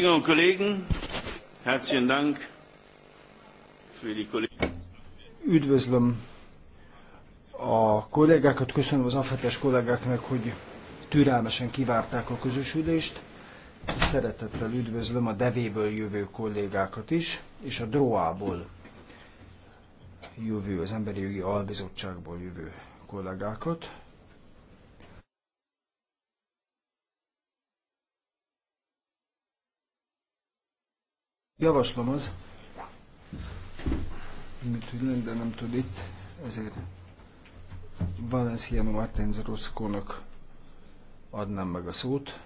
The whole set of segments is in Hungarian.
Kolleginnen und Kollegen, herzlichen Dank für die Kollegen. Üdvözlöm a kollégákat, köszönöm az afetes kollégáknak, hogy türelmesen kivárták a közös ülést, és szeretettel üdvözlöm a devéből jövő kollégákat is, és a droából jövő, az Emberi Jogi Albizottságból jövő kollégákat. Javaslom az, mint hogy Linda nem tud itt, ezért Valencia Martins Roszkónak adnám meg a szót.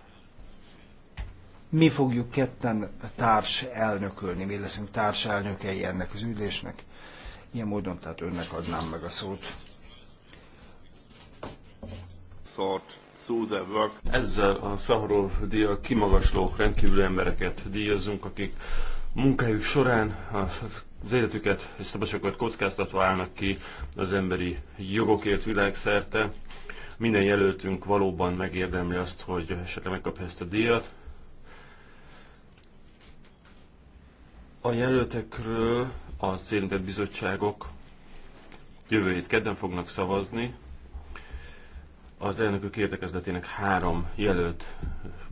Mi fogjuk ketten társ elnökölni, mi leszünk társ elnökei ennek az ülésnek. Ilyen módon tehát önnek adnám meg a szót. Szót. Ezzel a Szahorov díjjal kimagasló rendkívül embereket díjazunk, akik munkájuk során az életüket és szabadságokat kockáztatva állnak ki az emberi jogokért világszerte. Minden jelöltünk valóban megérdemli azt, hogy esetleg megkapja ezt a díjat. A jelöltekről az érintett bizottságok jövő hét kedden fognak szavazni. Az elnökök érdekezletének három jelölt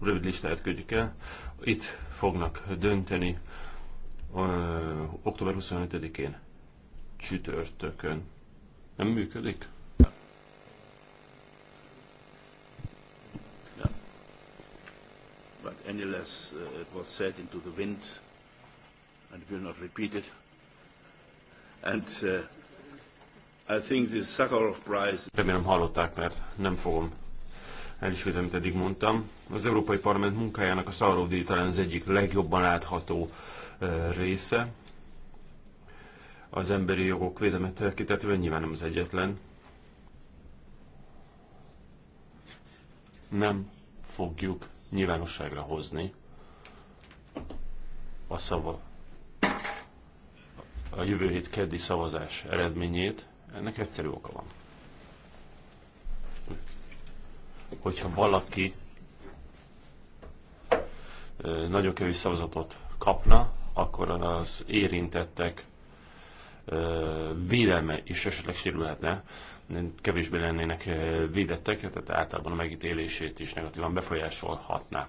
rövid listáját küldjük el. Itt fognak dönteni október 25-én csütörtökön. Nem működik? Yeah. But anyways, uh, it was said into the wind and will not repeat it. And uh, I think this Sakharov Prize... Remélem hallották, mert nem fogom elismétlem, amit eddig mondtam. Az Európai Parlament munkájának a Szaharovdi talán az egyik legjobban látható része. Az emberi jogok védelmet kitetően nyilván nem az egyetlen. Nem fogjuk nyilvánosságra hozni a szava a jövő hét keddi szavazás eredményét. Ennek egyszerű oka van hogyha valaki nagyon kevés szavazatot kapna, akkor az érintettek védelme is esetleg sérülhetne, kevésbé lennének védettek, tehát általában a megítélését is negatívan befolyásolhatná.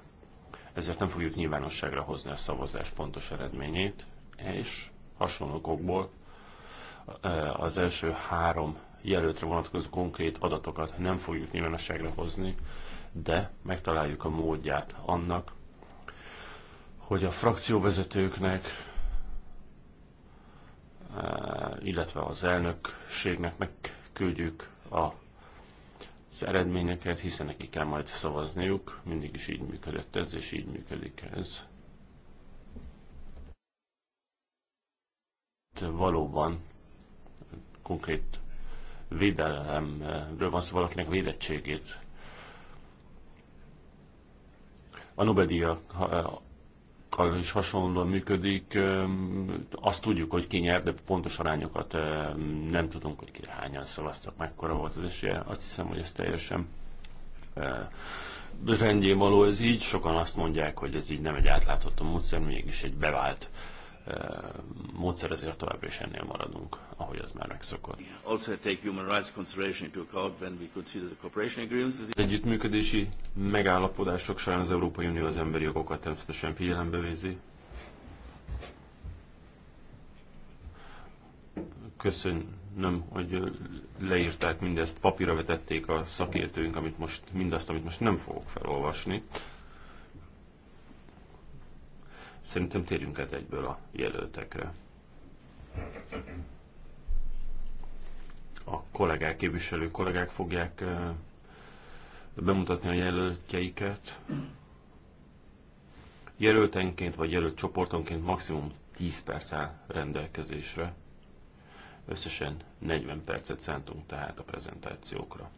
Ezért nem fogjuk nyilvánosságra hozni a szavazás pontos eredményét, és hasonlókokból az első három jelöltre vonatkozó konkrét adatokat nem fogjuk nyilvánosságra hozni, de megtaláljuk a módját annak, hogy a frakcióvezetőknek, eh, illetve az elnökségnek megküldjük a az eredményeket, hiszen neki kell majd szavazniuk, mindig is így működött ez, és így működik ez. Valóban konkrét védelemről van szó valakinek védettségét. A nobel díjakkal is hasonlóan működik. Azt tudjuk, hogy ki nyert, de pontos arányokat nem tudunk, hogy ki hányan szavaztak, mekkora volt az esélye. Azt hiszem, hogy ez teljesen rendjén való ez így. Sokan azt mondják, hogy ez így nem egy átlátható módszer, mégis egy bevált módszerezőre továbbra is ennél maradunk, ahogy az már megszokott. Also take human rights consideration into account when we consider the cooperation agreements. Az együttműködési megállapodások során az Európai Unió az emberi jogokat természetesen figyelembe vézi. Köszönöm, hogy leírták mindezt, papírra vetették a szakértőink, amit most, mindazt, amit most nem fogok felolvasni. Szerintem térjünk át egyből a jelöltekre. A kollégák, képviselő kollégák fogják eh, bemutatni a jelöltjeiket. Jelöltenként vagy jelölt csoportonként maximum 10 perc áll rendelkezésre. Összesen 40 percet szántunk tehát a prezentációkra.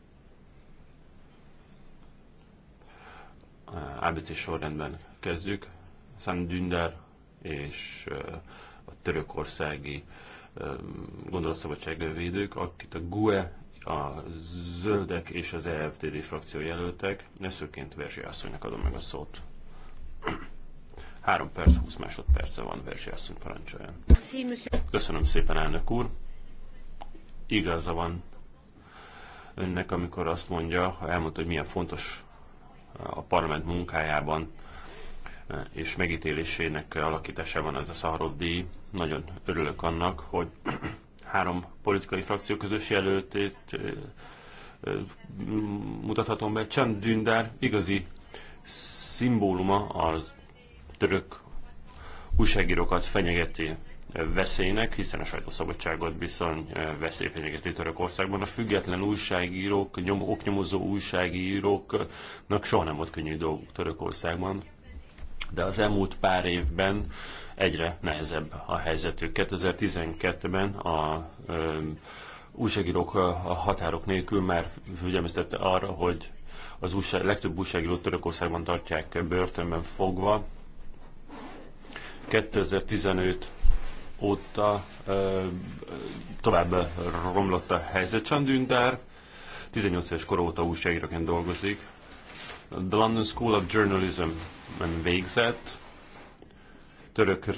Eh, ABC sorrendben kezdjük. Szan és a törökországi gondolatszabadság védők, akit a GUE, a Zöldek és az EFTD frakció jelöltek. Összőként Verzsi asszonynak adom meg a szót. 3 perc, 20 másodperce van, Verzsi asszony parancsoljon. Köszönöm szépen, elnök úr. Igaza van önnek, amikor azt mondja, ha elmondta, hogy milyen fontos a parlament munkájában és megítélésének alakítása van ez a Szaharov díj. Nagyon örülök annak, hogy három politikai frakció közös jelöltét mutathatom be. Csend Dündár igazi szimbóluma az török újságírókat fenyegeti veszélynek, hiszen a sajtószabadságot bizony veszély fenyegeti Törökországban. A független újságírók, nyom, oknyomozó újságíróknak soha nem volt könnyű dolguk Törökországban de az elmúlt pár évben egyre nehezebb a helyzetük. 2012-ben a ö, újságírók a határok nélkül már figyelmeztette arra, hogy az újság, legtöbb újságírót Törökországban tartják börtönben fogva. 2015 óta ö, tovább romlott a helyzet. Csandündár 18 éves kor óta újságíróként dolgozik. The London School of Journalism egyetemen végzett, török eh,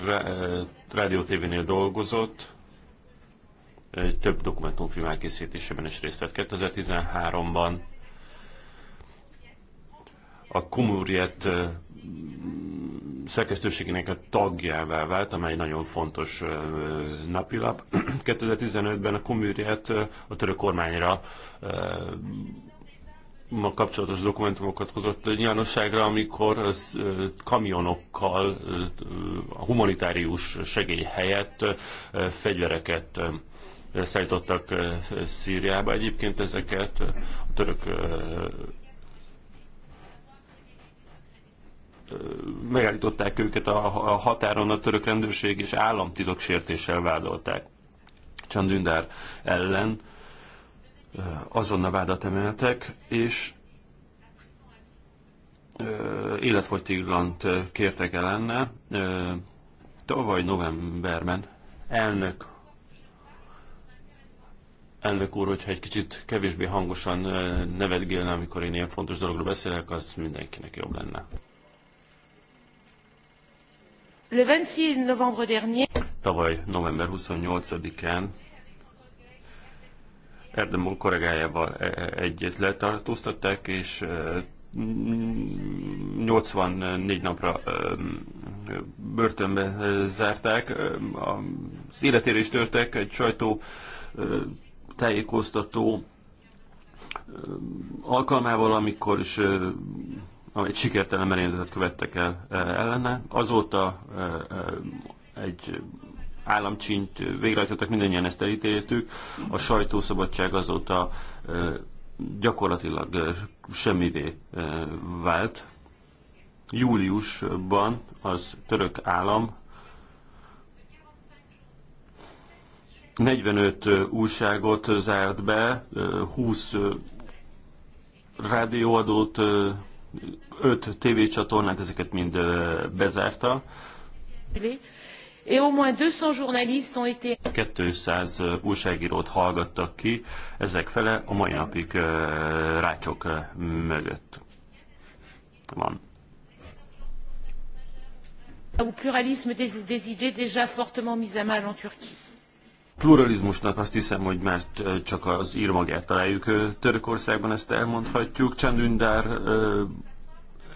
rádió tévénél dolgozott, több dokumentumfilm elkészítésében is részt vett 2013-ban. A Kumuriet eh, szerkesztőségének a tagjává vált, amely nagyon fontos eh, napilap. 2015-ben a Kumuriet a török kormányra ma kapcsolatos dokumentumokat hozott nyilvánosságra, amikor az kamionokkal a humanitárius segély helyett fegyvereket szállítottak Szíriába. Egyébként ezeket a török megállították őket a határon, a török rendőrség és államtitok sértéssel vádolták Csandündár ellen azonnal vádat emeltek, és életfogytiglant kértek el enne. Tavaly novemberben elnök elnök úr, hogyha egy kicsit kevésbé hangosan nevetgélne, amikor én ilyen fontos dologról beszélek, az mindenkinek jobb lenne. Le 26 novembre dernier. Tavaly november 28-án Erdemon kollégájával e, e, egyet letartóztatták, és 84 e, mm, napra börtönbe zárták. Az életére is törtek egy sajtó tájékoztató alkalmával, amikor is egy sikertelen merényletet követtek el ellene. Azóta egy államcsint végrehajtottak, mindannyian ezt elítéltük. A sajtószabadság azóta gyakorlatilag semmivé vált. Júliusban az török állam 45 újságot zárt be, 20 rádióadót, 5 tévécsatornát, ezeket mind bezárta et au moins 200 journalistes ont été 200 újságírót hallgattak ki, ezek fele a mai napig rácsok mögött van. A pluralisme des, des idées déjà fortement mis à mal en Turquie pluralizmusnak azt hiszem, hogy már csak az írmagát találjuk Törökországban, ezt elmondhatjuk. Csendündár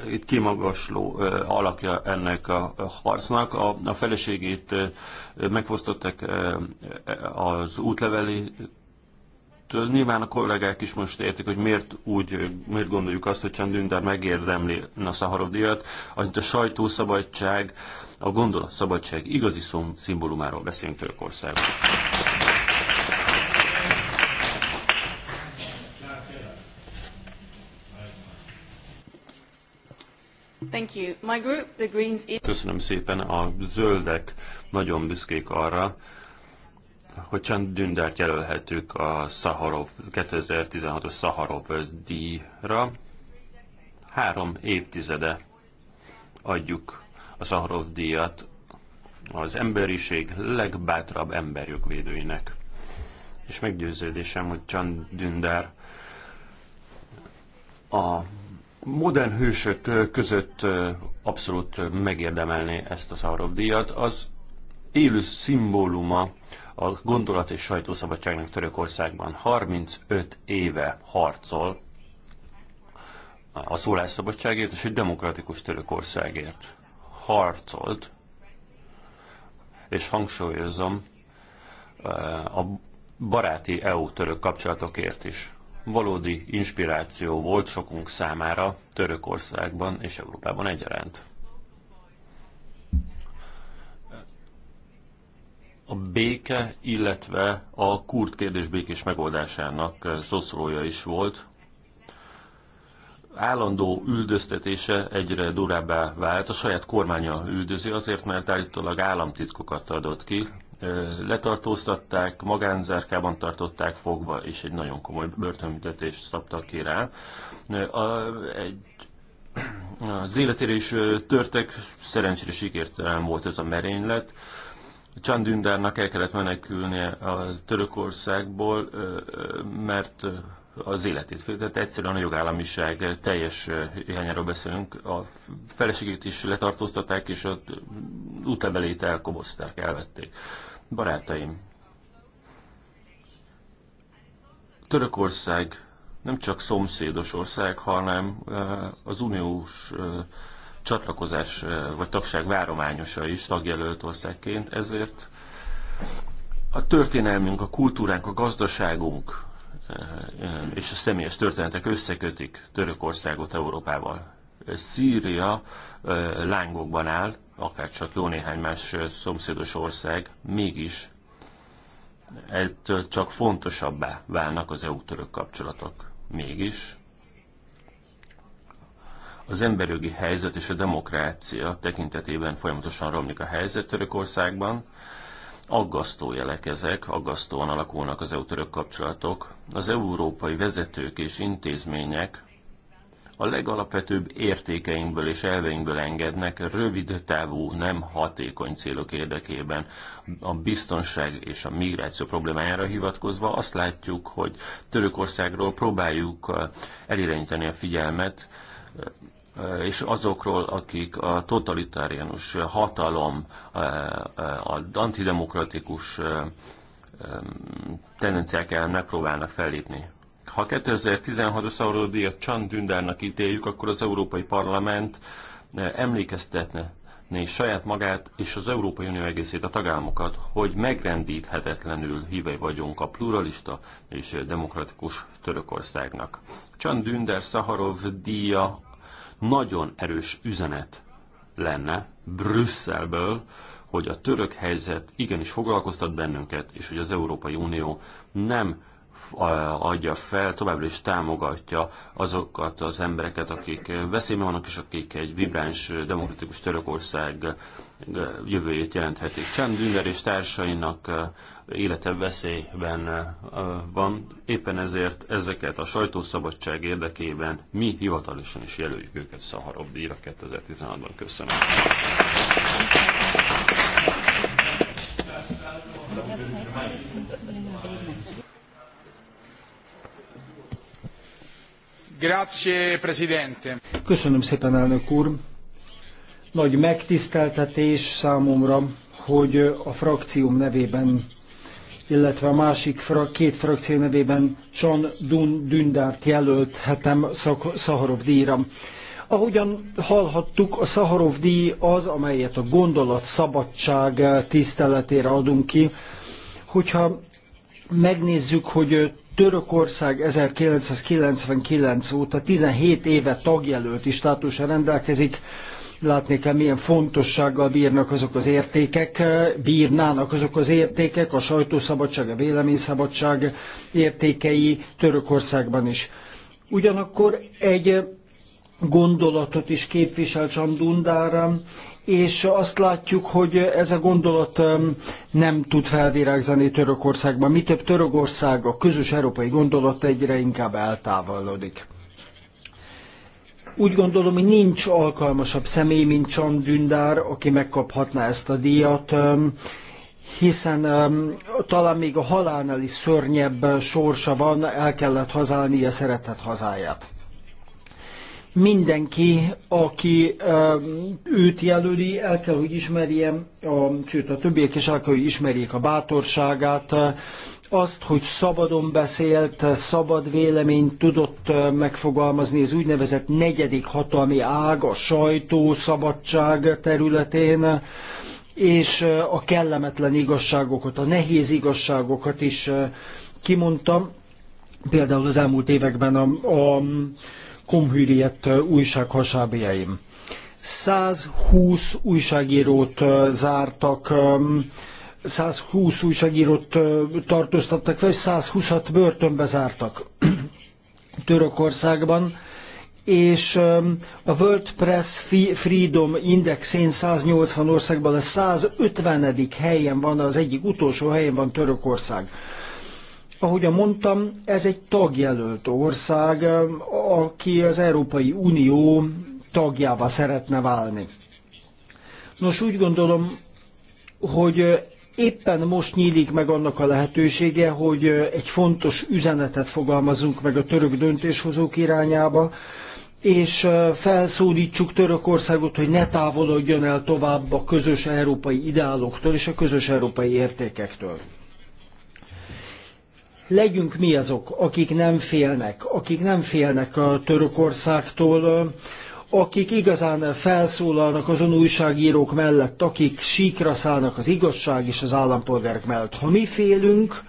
itt kimagasló alakja ennek a harcnak. A, a feleségét megfosztották az útleveli Nyilván a kollégák is most értik, hogy miért úgy, miért gondoljuk azt, hogy Csandündár megérdemli a Szaharodiat, amit a sajtószabadság, a gondolatszabadság igazi szimbólumáról beszélünk Törökországban. Thank you. My group, the Greens... Köszönöm szépen. A zöldek nagyon büszkék arra, hogy Csand Dündert jelölhetők a Szaharov, 2016-os Szaharov díjra. Három évtizede adjuk a Szaharov díjat az emberiség legbátrabb emberjog védőinek. És meggyőződésem, hogy Csand Dündar a modern hősök között abszolút megérdemelné ezt a Szárov díjat. Az élő szimbóluma a gondolat és sajtószabadságnak Törökországban 35 éve harcol a szólásszabadságért és egy demokratikus Törökországért. Harcolt, és hangsúlyozom, a baráti EU-török kapcsolatokért is valódi inspiráció volt sokunk számára Törökországban és Európában egyaránt. A béke, illetve a kurd kérdés békés megoldásának eh, szoszolója is volt. Állandó üldöztetése egyre durábbá vált, a saját kormánya üldözi azért, mert állítólag államtitkokat adott ki, letartóztatták, magánzárkában tartották fogva, és egy nagyon komoly börtönbüntetést szabtak ki rá. A, egy, az életére is törtek, szerencsére sikertelen volt ez a merénylet. Csandündárnak el kellett menekülnie a Törökországból, mert az életét féltette. Egyszerűen a jogállamiság teljes hiányáról beszélünk. A feleségét is letartóztatták, és az útlevelét elkobozták, elvették. Barátaim, Törökország nem csak szomszédos ország, hanem az uniós csatlakozás vagy tagság várományosa is tagjelölt országként, ezért a történelmünk, a kultúránk, a gazdaságunk, Eh, és a személyes történetek összekötik Törökországot Európával. Szíria eh, lángokban áll, akár csak jó néhány más eh, szomszédos ország, mégis ettől csak fontosabbá válnak az EU-török kapcsolatok. Mégis az emberjogi helyzet és a demokrácia tekintetében folyamatosan romlik a helyzet Törökországban, Aggasztó jelek ezek, aggasztóan alakulnak az EU-török kapcsolatok. Az európai vezetők és intézmények a legalapvetőbb értékeinkből és elveinkből engednek rövid távú, nem hatékony célok érdekében. A biztonság és a migráció problémájára hivatkozva azt látjuk, hogy Törökországról próbáljuk eh, elirányítani a figyelmet Eh, és azokról, akik a totalitáriánus hatalom, eh, eh, a antidemokratikus tendenciák ellen megpróbálnak fellépni. Ha 2016-os szavarodíjat Csand Dündárnak ítéljük, akkor az Európai Parlament emlékeztetne saját magát és az Európai Unió egészét, a tagállamokat, hogy megrendíthetetlenül hívei vagyunk a pluralista és demokratikus Törökországnak. Csand Dünder Szaharov díja nagyon erős üzenet lenne Brüsszelből, hogy a török helyzet igenis foglalkoztat bennünket, és hogy az Európai Unió nem adja fel, továbbra is támogatja azokat az embereket, akik veszélyben vannak, és akik egy vibráns, demokratikus Törökország jövőjét jelenthetik. Csend Dünger és társainak élete veszélyben van, éppen ezért ezeket a sajtószabadság érdekében mi hivatalosan is jelöljük őket Szaharov díjra 2016-ban. Köszönöm. Grazie, Presidente. Köszönöm szépen, elnök úr. Nagy megtiszteltetés számomra, hogy a frakcióm nevében, illetve a másik fra, két frakció nevében Csan Dun, Dündárt jelölthetem Szak, Szaharov díjra. Ahogyan hallhattuk, a Szaharov díj az, amelyet a gondolat szabadság tiszteletére adunk ki. Hogyha megnézzük, hogy Törökország 1999 óta 17 éve tagjelölti státusra rendelkezik, látni kell, milyen fontossággal bírnak azok az értékek, eh, bírnának azok az értékek, a sajtószabadság, a véleményszabadság értékei Törökországban is. Ugyanakkor egy gondolatot is képvisel Csandundára, és azt látjuk, hogy ez a gondolat eh, nem tud felvirágzani Törökországban. Mi több Törökország a közös európai gondolat egyre inkább eltávolodik. Úgy gondolom, hogy nincs alkalmasabb személy, mint Csan Dündár, aki megkaphatná ezt a díjat, hiszen talán még a halálnál is szörnyebb sorsa van, el kellett a szeretett hazáját mindenki, aki őt jelöli, el kell, hogy ismerje, a, sőt a többiek is el kell, hogy ismerjék a bátorságát, azt, hogy szabadon beszélt, szabad véleményt tudott megfogalmazni az úgynevezett negyedik hatalmi ág, a sajtó szabadság területén, és a kellemetlen igazságokat, a nehéz igazságokat is kimondtam. Például az elmúlt években a, a komhűriett újság hasábjaim. 120 újságírót zártak, 120 újságírót tartóztattak fel, és 126 börtönbe zártak Törökországban, és a World Press Freedom Indexén 180 országban a 150. helyen van, az egyik utolsó helyen van Törökország. Ahogy mondtam, ez egy tagjelölt ország, aki az Európai Unió tagjává szeretne válni. Nos, úgy gondolom, hogy Éppen most nyílik meg annak a lehetősége, hogy egy fontos üzenetet fogalmazunk meg a török döntéshozók irányába, és felszólítsuk Törökországot, hogy ne távolodjon el tovább a közös európai ideáloktól és a közös európai értékektől. Legyünk mi azok, akik nem félnek, akik nem félnek a Törökországtól, akik igazán felszólalnak azon újságírók mellett, akik síkra szállnak az igazság és az állampolgárok mellett. Ha mi félünk,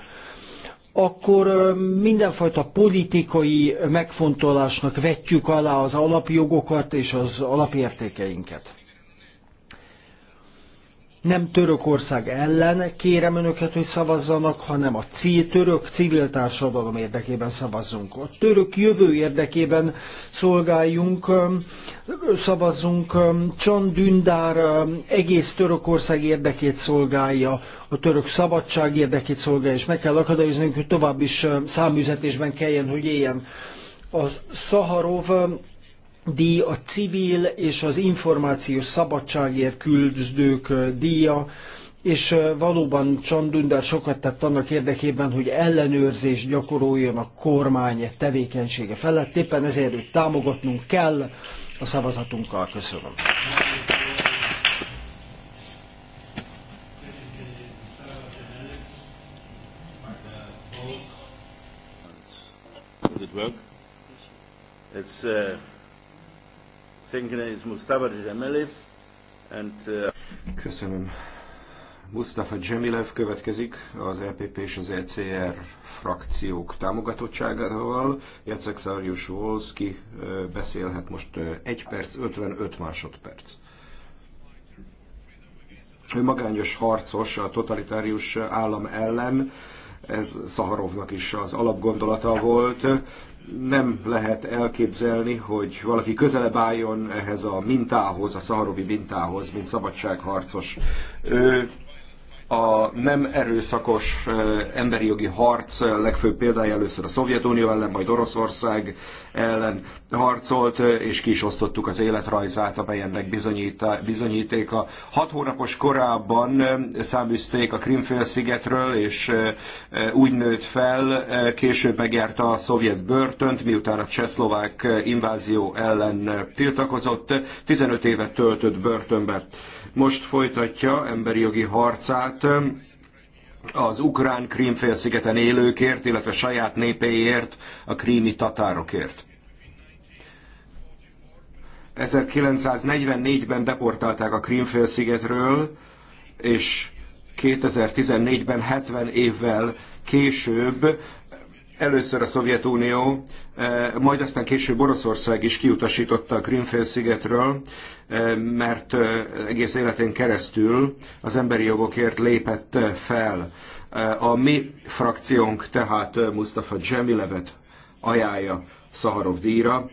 akkor mindenfajta politikai megfontolásnak vetjük alá az alapjogokat és az alapértékeinket nem Törökország ellen kérem önöket, hogy szavazzanak, hanem a török civil társadalom érdekében szavazzunk. A török jövő érdekében szolgáljunk, szavazzunk. Csan Dündár egész Törökország érdekét szolgálja, a török szabadság érdekét szolgálja, és meg kell akadályoznunk hogy tovább is száműzetésben kelljen, hogy éljen. A Szaharov díj, a civil és az információs szabadságért küzdők díja, és valóban Csandundár sokat tett annak érdekében, hogy ellenőrzést gyakoroljon a kormány tevékenysége felett. Éppen ezért őt támogatnunk kell a szavazatunkkal. Köszönöm. it work? It's uh... Köszönöm. Mustafa Jemilev következik az EPP és az ECR frakciók támogatottságával. Jacek Szarjus Volszki beszélhet most 1 perc, 55 másodperc. Ő magányos harcos a totalitárius állam ellen, ez Szaharovnak is az alapgondolata volt nem lehet elképzelni, hogy valaki közelebb álljon ehhez a mintához, a szaharovi mintához, mint szabadságharcos. Ő a nem erőszakos emberi jogi harc legfőbb példája először a Szovjetunió ellen, majd Oroszország ellen harcolt, és ki is osztottuk az életrajzát, ennek bizonyítéka. Hat hónapos korában száműzték a Krimfélszigetről, és úgy nőtt fel, később megjárta a szovjet börtönt, miután a csehszlovák invázió ellen tiltakozott, 15 évet töltött börtönbe most folytatja emberi jogi harcát um, az ukrán Krímfélszigeten élőkért, illetve saját népéért, a krími tatárokért. 1944-ben deportálták a Krímfélszigetről, és 2014-ben 70 évvel később először a Szovjetunió, e, majd aztán később Oroszország is kiutasította a Krimfélszigetről, e, mert e, egész életén keresztül az emberi jogokért lépett fel. A mi frakciónk tehát Mustafa Dzsemilevet ajánlja Szaharov díjra,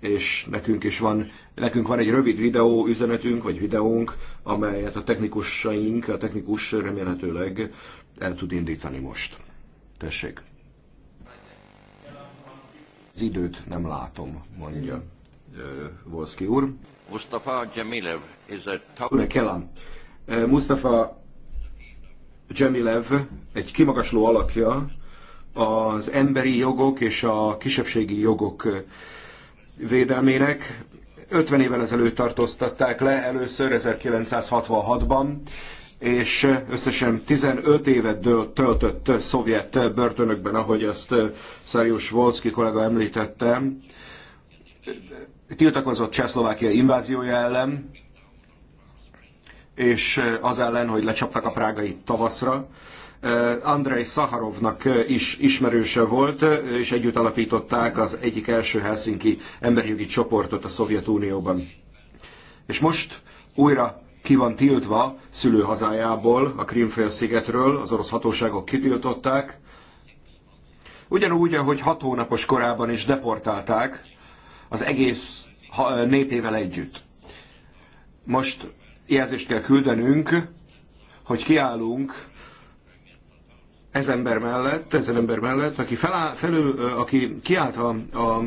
és nekünk is van, nekünk van egy rövid videó üzenetünk, vagy videónk, amelyet a technikusaink, a technikus remélhetőleg el tud indítani most. Tessék! Az időt nem látom, mondja Volszki úr. Mustafa Jemilev is a... Ura Uh, Mustafa Jemilev egy kimagasló alakja az emberi jogok és a kisebbségi jogok védelmének. 50 évvel ezelőtt tartóztatták le, először 1966-ban, és összesen 15 évet töltött szovjet börtönökben, ahogy azt Szarius Volszki kollega említette. Tiltakozott Csehszlovákia inváziója ellen, és az ellen, hogy lecsaptak a prágai tavaszra. Andrei Szaharovnak is ismerőse volt, és együtt alapították az egyik első Helsinki emberjogi csoportot a Szovjetunióban. És most újra ki van tiltva szülőhazájából, a Krímfélszigetről, az orosz hatóságok kitiltották. Ugyanúgy, ahogy hat hónapos korában is deportálták az egész népével együtt. Most jelzést kell küldenünk, hogy kiállunk ez ember mellett, ezen ember mellett, aki, felül, aki kiállt a, a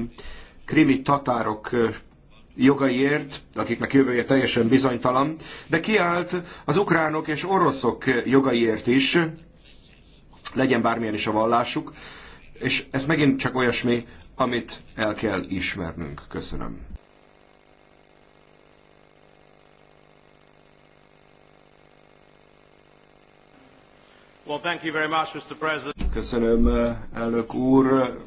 krimi tatárok jogaiért, akiknek jövője teljesen bizonytalan, de kiállt az ukránok és oroszok jogaiért is, legyen bármilyen is a vallásuk, és ez megint csak olyasmi, amit el kell ismernünk. Köszönöm. Well, thank you very much, Mr. President. Köszönöm, elnök úr.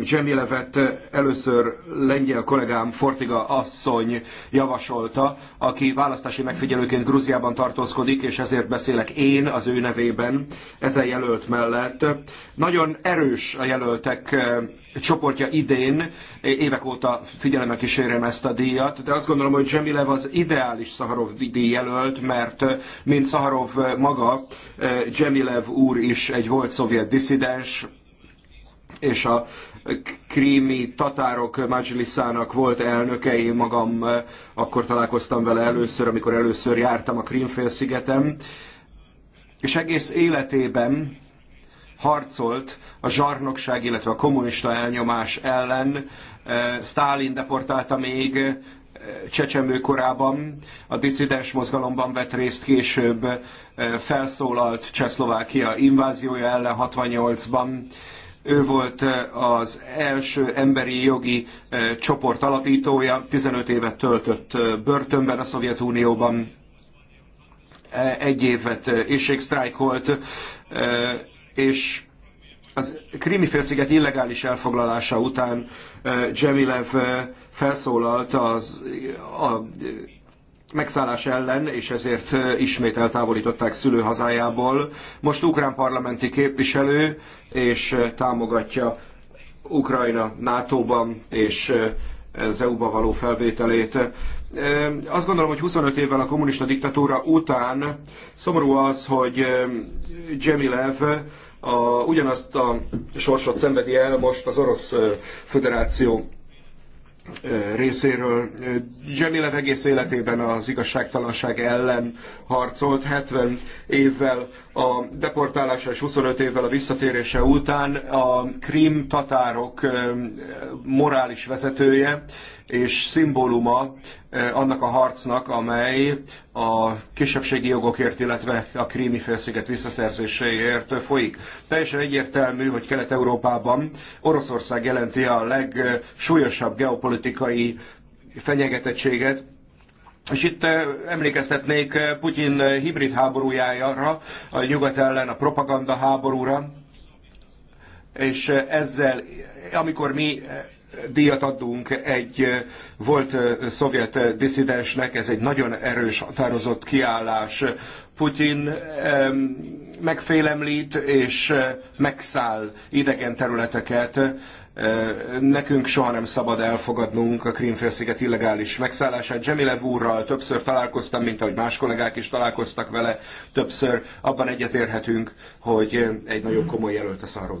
Zsemilevet eh, először lengyel kollégám Fortiga asszony javasolta, aki választási megfigyelőként Grúziában tartózkodik, és ezért beszélek én az ő nevében ezen jelölt mellett. Nagyon erős a jelöltek eh, csoportja idén, évek óta figyelemmel kísérem ezt a díjat, de azt gondolom, hogy Zsemilev az ideális Szaharov díj jelölt, mert eh, mint Szaharov maga, Zsemilev úr is egy volt szovjet disszidens, és a krími tatárok Majlisának volt elnöke, én magam eh, akkor találkoztam vele először, amikor először jártam a Krímfélszigeten, és egész életében harcolt a zsarnokság, illetve a kommunista elnyomás ellen. Eh, Stalin deportálta még eh, csecsemő korában, a disszidens mozgalomban vett részt később, felszólalt Csehszlovákia inváziója ellen 68-ban, ő volt eh, az első emberi jogi eh, csoport alapítója, 15 évet töltött eh, börtönben a Szovjetunióban, egy évet éjségsztrájkolt, és az krimi félsziget illegális elfoglalása után Dzsemilev felszólalt az, a megszállás ellen, és ezért ismét eltávolították szülőhazájából. Most ukrán parlamenti képviselő, és támogatja Ukrajna NATO-ban és az EU-ba való felvételét. Azt gondolom, hogy 25 évvel a kommunista diktatúra után szomorú az, hogy Jemilev a, ugyanazt a sorsot szenvedi el most az Orosz Föderáció részéről. Jamilet egész életében az igazságtalanság ellen harcolt, 70 évvel a deportálása és 25 évvel a visszatérése után a krim tatárok morális vezetője, és szimbóluma eh, annak a harcnak, amely a kisebbségi jogokért, illetve a krími félsziget visszaszerzéséért folyik. Teljesen egyértelmű, hogy Kelet-Európában Oroszország jelenti a legsúlyosabb geopolitikai fenyegetettséget, és itt eh, emlékeztetnék eh, Putyin hibrid háborújára, a nyugat ellen a propaganda háborúra, és ezzel, amikor mi díjat adunk egy volt szovjet disszidensnek, ez egy nagyon erős, határozott kiállás. Putin megfélemlít és megszáll idegen területeket. Nekünk soha nem szabad elfogadnunk a Krímfélsziget illegális megszállását. Zsemilev úrral többször találkoztam, mint ahogy más kollégák is találkoztak vele többször. Abban egyetérhetünk, hogy egy nagyon komoly jelölt a Száró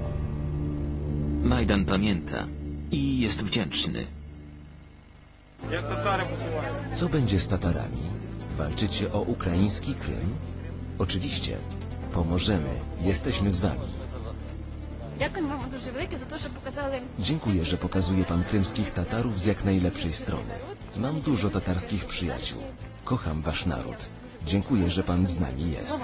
Majdan pamięta i jest wdzięczny. Co będzie z Tatarami? Walczycie o ukraiński Krym? Oczywiście. Pomożemy. Jesteśmy z wami. Dziękuję wam дуже велике за те, що показали... Dziękuję, że pokazuje pan krymskich Tatarów z jak najlepszej strony. Mam dużo tatarskich przyjaciół. Kocham wasz naród. Dziękuję, że pan z nami jest.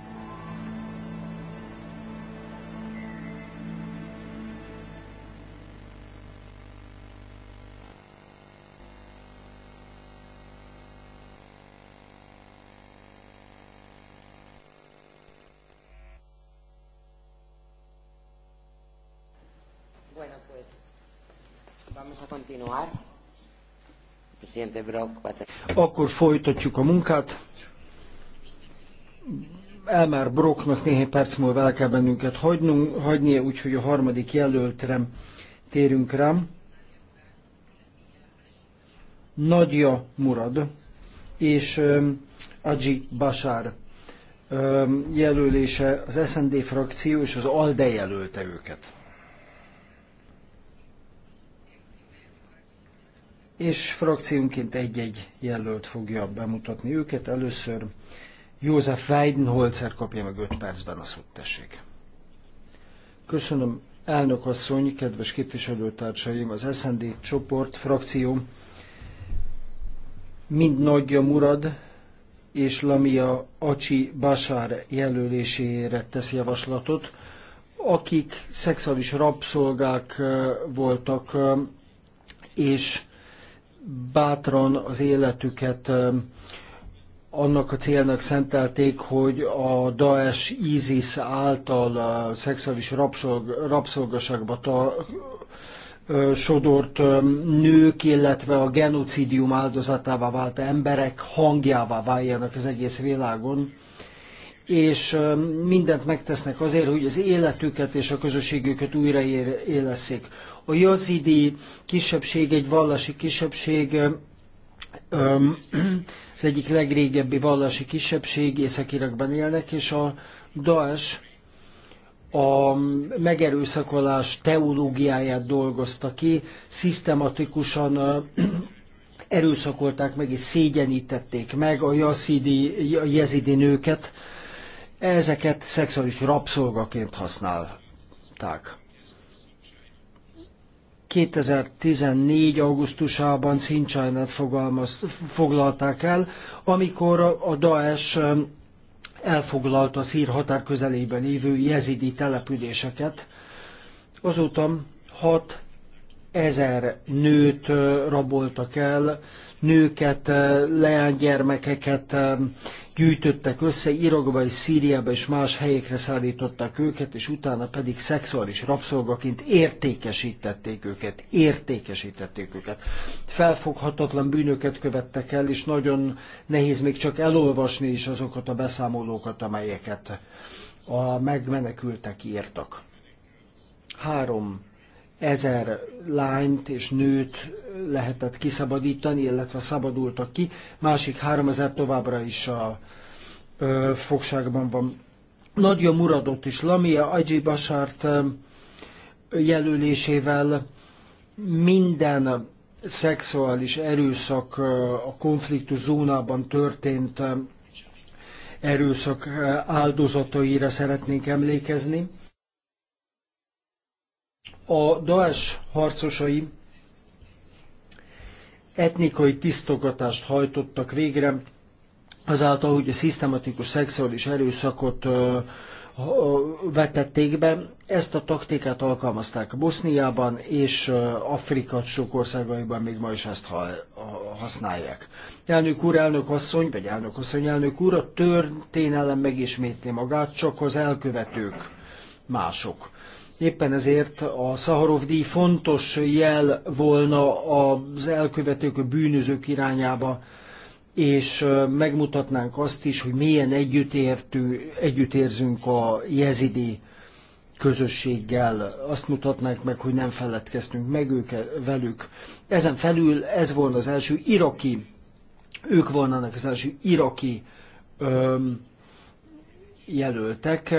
Akkor folytatjuk a munkát. Elmár Broknak néhány perc múlva el kell bennünket hagynunk, hagynia, úgyhogy a harmadik jelöltre térünk rám. Nagyja Murad és Adji Basár jelölése az SND frakció és az ALDE jelölte őket. és frakciónként egy-egy jelölt fogja bemutatni őket. Először József Weidenholzer kapja meg 5 percben a szót, tessék. Köszönöm, elnök asszony, kedves képviselőtársaim, az SND csoport, frakció, mind nagyja Murad és Lamia Acsi Basár jelölésére tesz javaslatot, akik szexuális rabszolgák eh, voltak, eh, és bátran az életüket annak a célnak szentelték, hogy a Daesh ISIS által a szexuális rabszolg, rabszolgaságba ta, sodort nők, illetve a genocidium áldozatává vált emberek hangjává váljanak az egész világon és mindent megtesznek azért, hogy az életüket és a közösségüket újraélesszék. A jazidi kisebbség egy vallási kisebbség, az egyik legrégebbi vallási kisebbség, Észak-Irakban élnek, és a Daesh a megerőszakolás teológiáját dolgozta ki, szisztematikusan erőszakolták meg és szégyenítették meg a jazidi, a jezidi nőket, ezeket szexuális rabszolgaként használták. 2014. augusztusában Szincsájnát foglalták el, amikor a Daesh um, elfoglalta a szír határ közelében lévő jezidi településeket. Azóta hat ezer nőt raboltak el, nőket, leánygyermekeket gyűjtöttek össze, Irakba és Szíriába és más helyekre szállították őket, és utána pedig szexuális rabszolgaként értékesítették őket, értékesítették őket. Felfoghatatlan bűnöket követtek el, és nagyon nehéz még csak elolvasni is azokat a beszámolókat, amelyeket a megmenekültek írtak. Három ezer lányt és nőt lehetett kiszabadítani, illetve szabadultak ki, másik ezer továbbra is a ö, fogságban van. Nagyja Muradot is, Lamia Aji Basárt jelölésével minden szexuális erőszak a konfliktus zónában történt erőszak áldozataira szeretnénk emlékezni a Daesh harcosai etnikai tisztogatást hajtottak végre, azáltal, hogy a szisztematikus szexuális erőszakot ö, ö, vetették be. Ezt a taktikát alkalmazták Boszniában, és Afrika sok országaiban még ma is ezt ha, használják. Elnök úr, elnök asszony, vagy elnök asszony, elnök úr, a történelem megismétli magát, csak az elkövetők mások. Éppen ezért a Szaharov díj fontos jel volna az elkövetők, a bűnözők irányába, és megmutatnánk azt is, hogy milyen együttértő, együttérzünk a jezidi közösséggel. Azt mutatnánk meg, hogy nem feledkeztünk meg őke, velük. Ezen felül ez volna az első iraki, ők volnának az első iraki öm, jelöltek.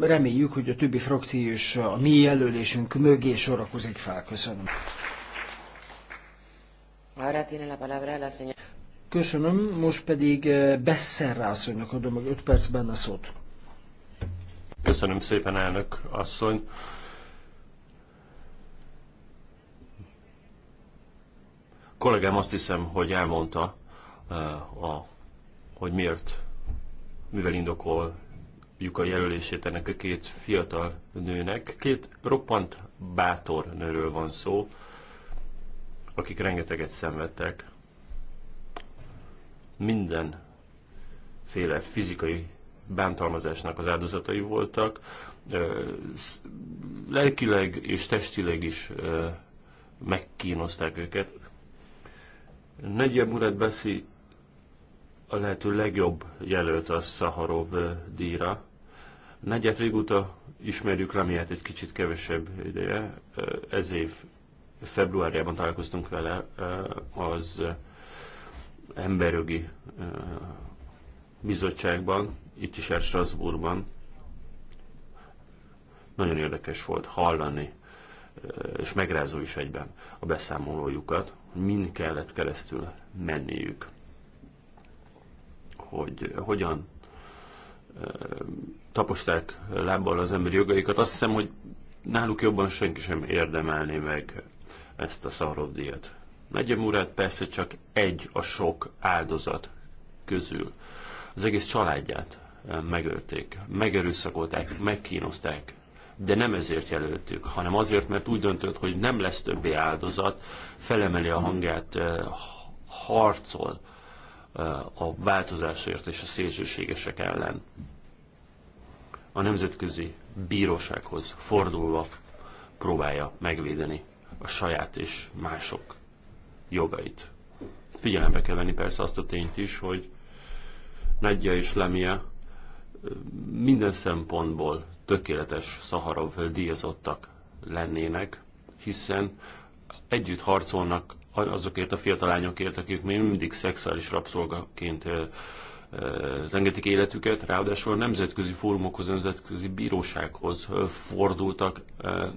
Reméljük, hogy a többi frakció is a mi jelölésünk mögé sorakozik fel. Köszönöm. Köszönöm, most pedig eh, Besser rászonynak adom meg 5 percben a szót. Köszönöm szépen, elnök asszony. kollégám azt hiszem, hogy elmondta, eh, a, hogy miért, mivel indokol a jelölését ennek a két fiatal nőnek. Két roppant bátor nőről van szó, akik rengeteget szenvedtek. Mindenféle fizikai bántalmazásnak az áldozatai voltak, lelkileg és testileg is megkínozták őket. Negyed Murad Bessi a lehető legjobb jelölt a Szaharov díjra. Negyed régóta ismerjük Ramiát egy kicsit kevesebb ideje. Ez év februárjában találkoztunk vele az emberjogi bizottságban, itt is Strasbourgban. Nagyon érdekes volt hallani, és megrázó is egyben a beszámolójukat, hogy mind kellett keresztül menniük hogy hogyan taposták lábbal az emberi jogaikat, azt hiszem, hogy náluk jobban senki sem érdemelné meg ezt a szarodíjat. Negyem urát persze csak egy a sok áldozat közül. Az egész családját megölték, megerőszakolták, megkínozták, de nem ezért jelöltük, hanem azért, mert úgy döntött, hogy nem lesz többé áldozat, felemeli a hangját, harcol a változásért és a szélsőségesek ellen. A nemzetközi bírósághoz fordulva próbálja megvédeni a saját és mások jogait. Figyelembe kell venni persze azt a tényt is, hogy Nagyja és Lemia minden szempontból tökéletes Szaharov díjazottak lennének, hiszen együtt harcolnak azokért a fiatal lányokért, akik még mindig szexuális rabszolgaként rengetik életüket, ráadásul a nemzetközi fórumokhoz, nemzetközi bírósághoz fordultak,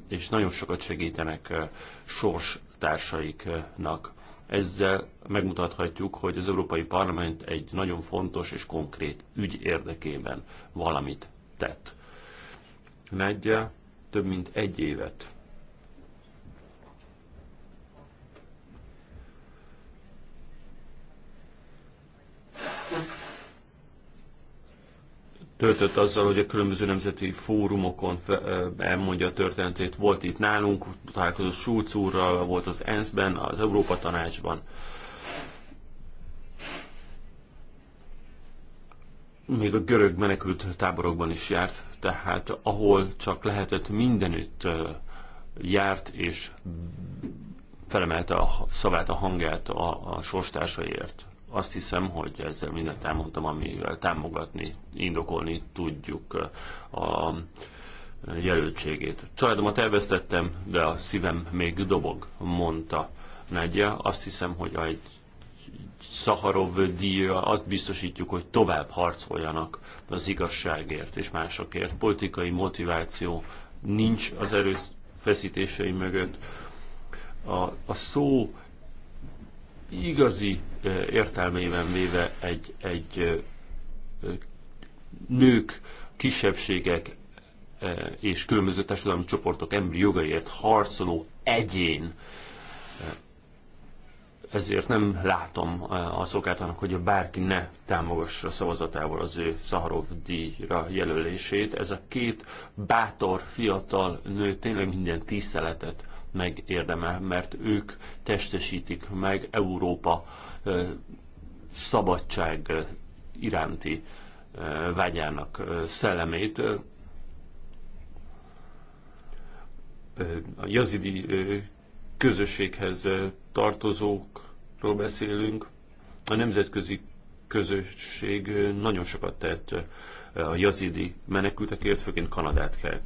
és nagyon sokat segítenek sors társaiknak. Ezzel megmutathatjuk, hogy az Európai Parlament egy nagyon fontos és konkrét ügy érdekében valamit tett. Negyel több mint egy évet töltött azzal, hogy a különböző nemzeti fórumokon elmondja a történetét. Volt itt nálunk, találkozott Schulz úrral, volt az ENSZ-ben, az Európa Tanácsban. Még a görög menekült táborokban is járt, tehát ahol csak lehetett mindenütt járt és felemelte a szavát, a hangját a, a sorstársaiért azt hiszem, hogy ezzel mindent elmondtam, amivel támogatni, indokolni tudjuk eh, a jelöltségét. Családomat elvesztettem, de a szívem még dobog, mondta Nagyja. Azt hiszem, hogy egy Szaharov díja, azt biztosítjuk, hogy tovább harcoljanak az igazságért és másokért. Politikai motiváció nincs az erőfeszítései mögött. A, a szó igazi értelmében véve egy, egy nők, kisebbségek és különböző társadalmi csoportok emberi jogaiért harcoló egyén. Ezért nem látom az okát annak, hogy bárki ne támogassa szavazatával az ő Szaharov díjra jelölését. Ez a két bátor, fiatal nő tényleg minden tiszteletet megérdemel, mert ők testesítik meg Európa szabadság iránti vágyának szellemét. A jazidi közösséghez tartozókról beszélünk. A nemzetközi közösség nagyon sokat tett a jazidi menekültekért, főként Kanadát kell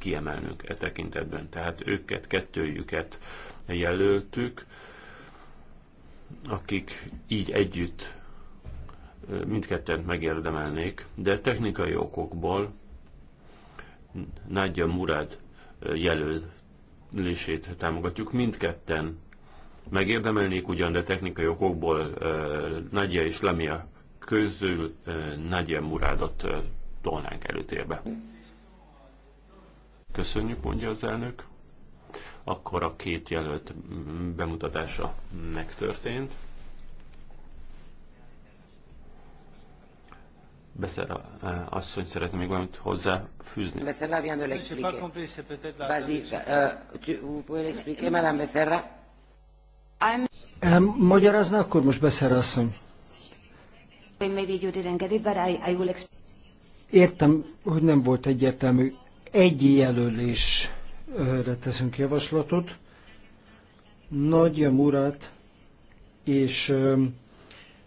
kiemelnünk e tekintetben. Tehát őket, kettőjüket jelöltük, akik így együtt mindkettőt megérdemelnék, de technikai okokból Nagyja Murad jelölését támogatjuk. Mindketten megérdemelnék ugyan, de technikai okokból Nagyja és Lemia közül Nagyja Muradot tolnánk előtérbe. Köszönjük, mondja az elnök. Akkor a két jelölt bemutatása megtörtént. Beszer eh, asszony szeretne még valamit hozzáfűzni. Beszél vient de Vas-y, eh, Becerra? Eh, Magyarázna akkor most Beszer asszony. Értem, hogy nem volt egyértelmű egy jelölésre teszünk javaslatot. Nagyja Murat és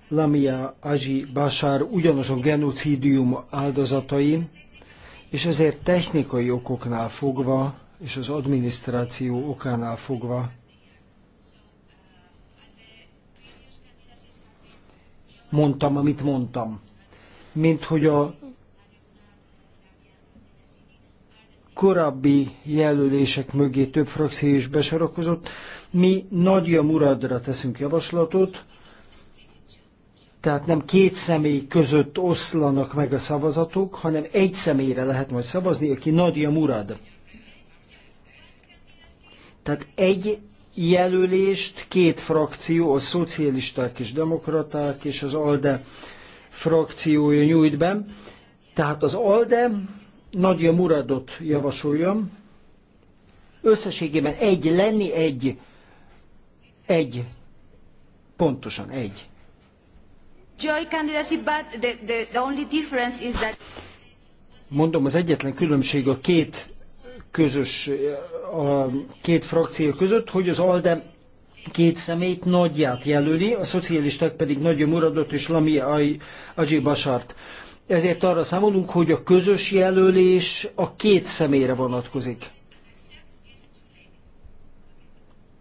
Lamia Aji Bashar ugyanazon genocidium áldozatai, és ezért technikai okoknál fogva, és az adminisztráció okánál fogva mondtam, amit mondtam. Mint hogy a korábbi jelölések mögé több frakció is besorakozott. Mi Nadja Muradra teszünk javaslatot, tehát nem két személy között oszlanak meg a szavazatok, hanem egy személyre lehet majd szavazni, aki Nadia Murad. Tehát egy jelölést két frakció, a szocialisták és demokraták és az ALDE frakciója nyújt be. Tehát az ALDE Nagyja Muradot javasoljam. Összességében egy lenni, egy, egy, pontosan egy. Joy candidacy, but the, the, the only difference is that... Mondom, az egyetlen különbség a két közös, a két frakció között, hogy az ALDE két szemét nagyját jelöli, a szocialisták pedig Nagyja Muradot és Lami Aj, ezért arra számolunk, hogy a közös jelölés a két személyre vonatkozik.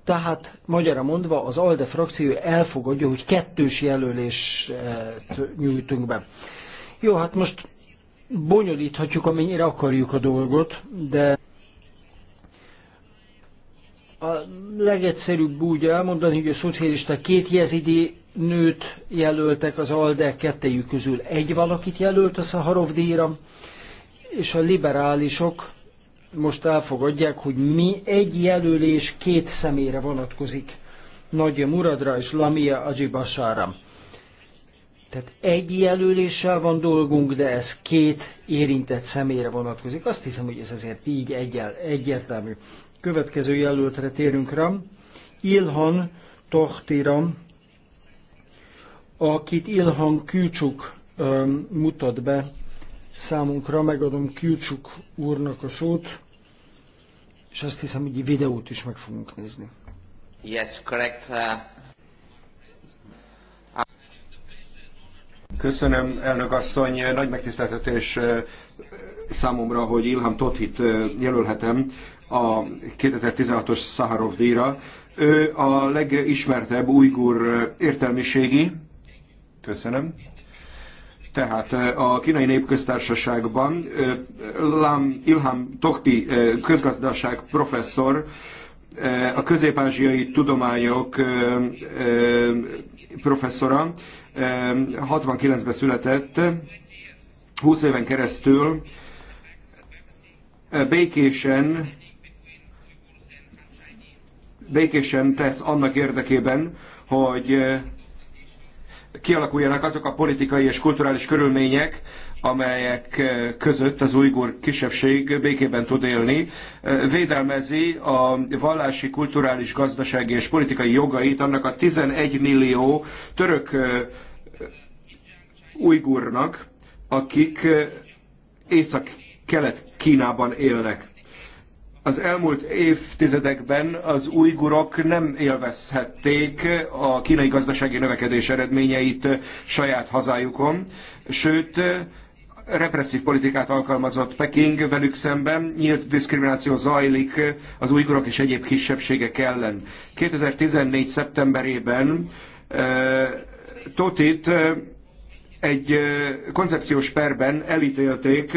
Tehát magyarra mondva az ALDE frakció elfogadja, hogy kettős jelölést eh, nyújtunk be. Jó, hát most bonyolíthatjuk, amennyire akarjuk a dolgot, de a legegyszerűbb úgy elmondani, hogy a szocialista két jezidi nőt jelöltek, az ALDE kettejük közül egy valakit jelölt a Szaharov díjra, és a liberálisok most elfogadják, hogy mi egy jelölés két személyre vonatkozik. Nagy Muradra és Lamia Ajibasára. Tehát egy jelöléssel van dolgunk, de ez két érintett személyre vonatkozik. Azt hiszem, hogy ez azért így egyel, egyértelmű. Következő jelöltre térünk rá. Ilhan Tohtiram akit Ilhan Külcsuk mutat be számunkra, megadom Külcsuk úrnak a szót, és azt hiszem, hogy videót is meg fogunk nézni. Yes, correct. Uh, Köszönöm, elnök asszony. Nagy megtiszteltetés számomra, hogy Ilham Tothit jelölhetem a 2016-os Szaharov díjra. Ő a legismertebb ujgur értelmiségi, Köszönöm. Tehát eh, a kínai népköztársaságban eh, Lam Ilham Tokti eh, közgazdaság professzor a közép-ázsiai tudományok professzora 69-ben született, 20 éven keresztül békésen békésen tesz annak érdekében, hogy kialakuljanak azok a politikai és kulturális körülmények, amelyek eh, között az ujgur kisebbség békében tud élni, eh, védelmezi a vallási, kulturális, gazdasági és politikai jogait annak a 11 millió török eh, ujgurnak, akik észak-kelet Kínában élnek az elmúlt évtizedekben az újgurok nem élvezhették a kínai gazdasági növekedés eredményeit saját hazájukon, sőt, represszív politikát alkalmazott Peking velük szemben, nyílt diszkrimináció zajlik az ujgurok és egyéb kisebbségek ellen. 2014. szeptemberében Totit egy koncepciós perben elítélték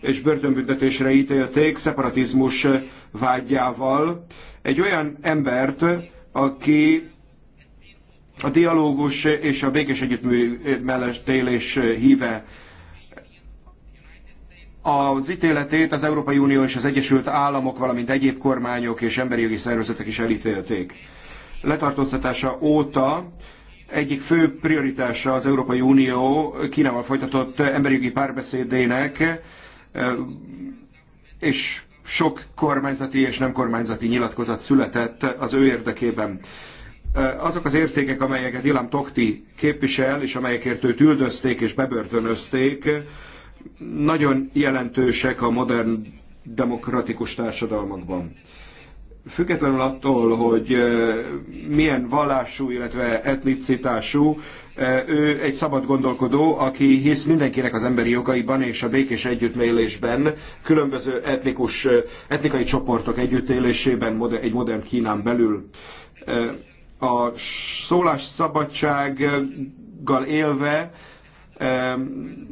és börtönbüntetésre ítélték szeparatizmus vágyával. Egy olyan embert, aki a dialógus és a békés együttművelés híve az ítéletét az Európai Unió és az Egyesült Államok, valamint egyéb kormányok és emberi jogi szervezetek is elítélték. Letartóztatása óta egyik fő prioritása az Európai Unió Kínával folytatott emberi jogi párbeszédének és sok kormányzati és nem kormányzati nyilatkozat született az ő érdekében. Azok az értékek, amelyeket Ilam Tokti képvisel, és amelyekért őt üldözték és bebörtönözték, nagyon jelentősek a modern demokratikus társadalmakban függetlenül attól, hogy milyen vallású, illetve etnicitású, ő egy szabad gondolkodó, aki hisz mindenkinek az emberi jogaiban és a békés együttmélésben, különböző etnikus, etnikai csoportok együttélésében egy modern Kínán belül. A szólásszabadsággal élve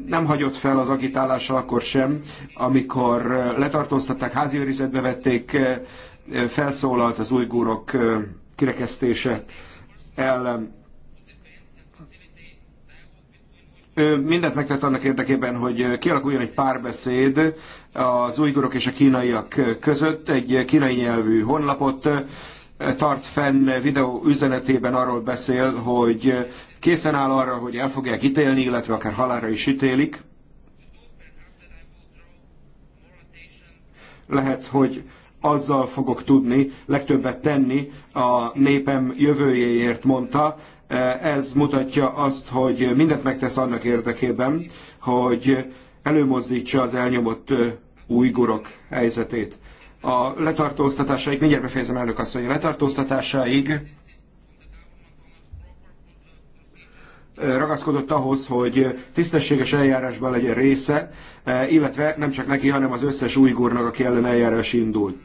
nem hagyott fel az agitálása akkor sem, amikor letartóztatták, háziőrizetbe vették, felszólalt az ujgurok kirekesztése ellen. Ő mindent megtett annak érdekében, hogy kialakuljon egy párbeszéd az ujgurok és a kínaiak között, egy kínai nyelvű honlapot tart fenn videó üzenetében arról beszél, hogy készen áll arra, hogy el fogják ítélni, illetve akár halálra is ítélik. Lehet, hogy azzal fogok tudni legtöbbet tenni a népem jövőjéért, mondta. Ez mutatja azt, hogy mindent megtesz annak érdekében, hogy előmozdítsa az elnyomott újgurok helyzetét. A letartóztatásaik, mindjárt befejezem elnök asszony, a letartóztatásaig ragaszkodott ahhoz, hogy tisztességes eljárásban legyen része, illetve nem csak neki, hanem az összes újgurnak, aki ellen eljárás indul.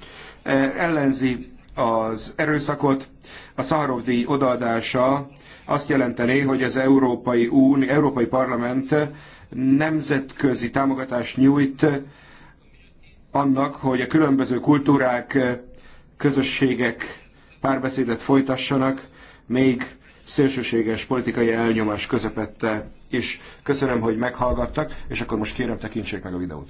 Ellenzi az erőszakot, a Szaharov díj odaadása azt jelentené, hogy az Európai, Unió, Európai Parlament nemzetközi támogatást nyújt annak, hogy a különböző kultúrák, közösségek párbeszédet folytassanak, még szélsőséges politikai elnyomás közepette is. Köszönöm, hogy meghallgattak, és akkor most kérem tekintsék meg a videót.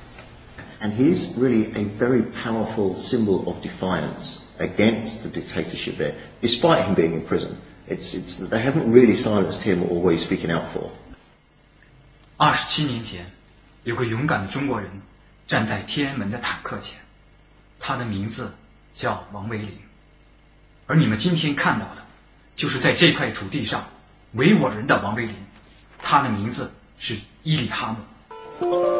And he's really a very powerful symbol of defiance against the dictatorship there, despite him being in prison. It's, it's, they haven't really silenced him or what he's speaking out for. you.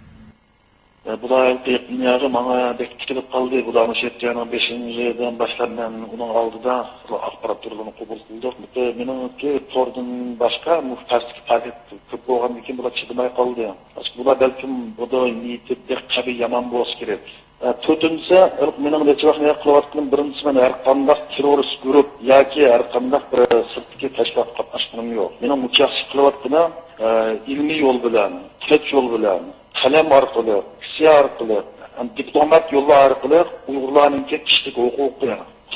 E, bu da yarım ana dek tikilip kaldı. Bu da anış etkiyanın beşinci yerden başlar ben onun aldı da aparatörlerini kubul kıldık. da benim ki tordun başka muhtarsızlık paket köp boğan dikin bu da çıdımay kaldı. Açık bu da belki bu da niyeti dek tabi yaman boz gerek. E, Tötüncü, benim de çıvak neye kılavatının birincisi ben her kandak terörist grup ya ki her kandak bir sırttaki teşkilat katlaşmanım yok. Benim muhtarsızlık kılavatını e, ilmi yol bilen, keç yol bilen, kalem arkalı, siyasi arqılı, diplomat yolu arqılı Uygurların kişilik hukuku,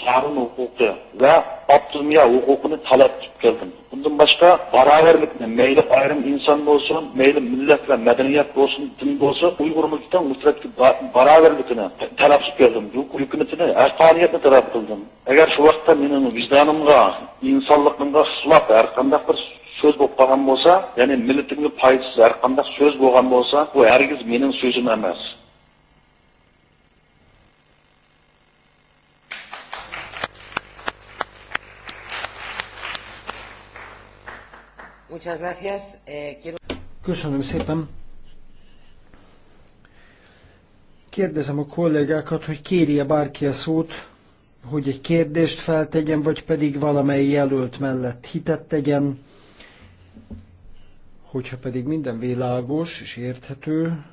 kanun hukuku ve abdülmiya hukukunu talep tüp geldim. Bundan başka baraverlikle meyli ayrım insan olsun, meyli millet ve medeniyet olsun, din olsun Uygur mülkten mutlaki baraverlikini talep tüp geldim. Hükümetini, erkaniyetini talep kıldım. Eğer şu vakitte benim vicdanımda, insanlıklığımda hılap, erkandak bir so'z bo'lib bo'lsa ya'ni millatimga foydasiz har qanday so'z bo'lgan bo'lsa bu hargiz mening so'zim emas Muchas gracias. Eh, Köszönöm szépen. Kérdezem a kollégákat, hogy kérje bárki a szót, hogy egy kérdést feltegyen, vagy pedig valamely jelölt mellett hitet tegyen. Hogyha pedig minden világos és érthető,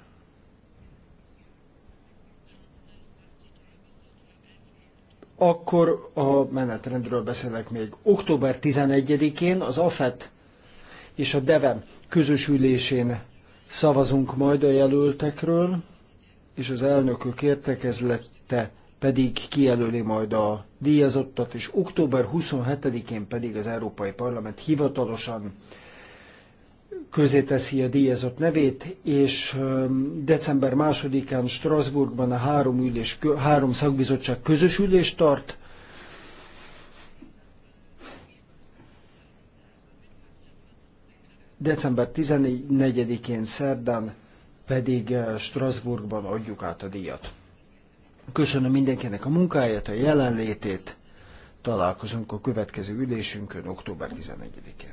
akkor a menetrendről beszélek még. Október 11-én az AFET és a DEVE közös ülésén szavazunk majd a jelöltekről, és az elnökök értekezlete pedig kijelöli majd a díjazottat, és október 27-én pedig az Európai Parlament hivatalosan közéteszi a díjazott nevét, és december 2-án Strasbourgban a három, ülés, három szakbizottság közös ülést tart, december 14-én szerdán pedig Strasbourgban adjuk át a díjat. Köszönöm mindenkinek a munkáját, a jelenlétét, találkozunk a következő ülésünkön október 11-én.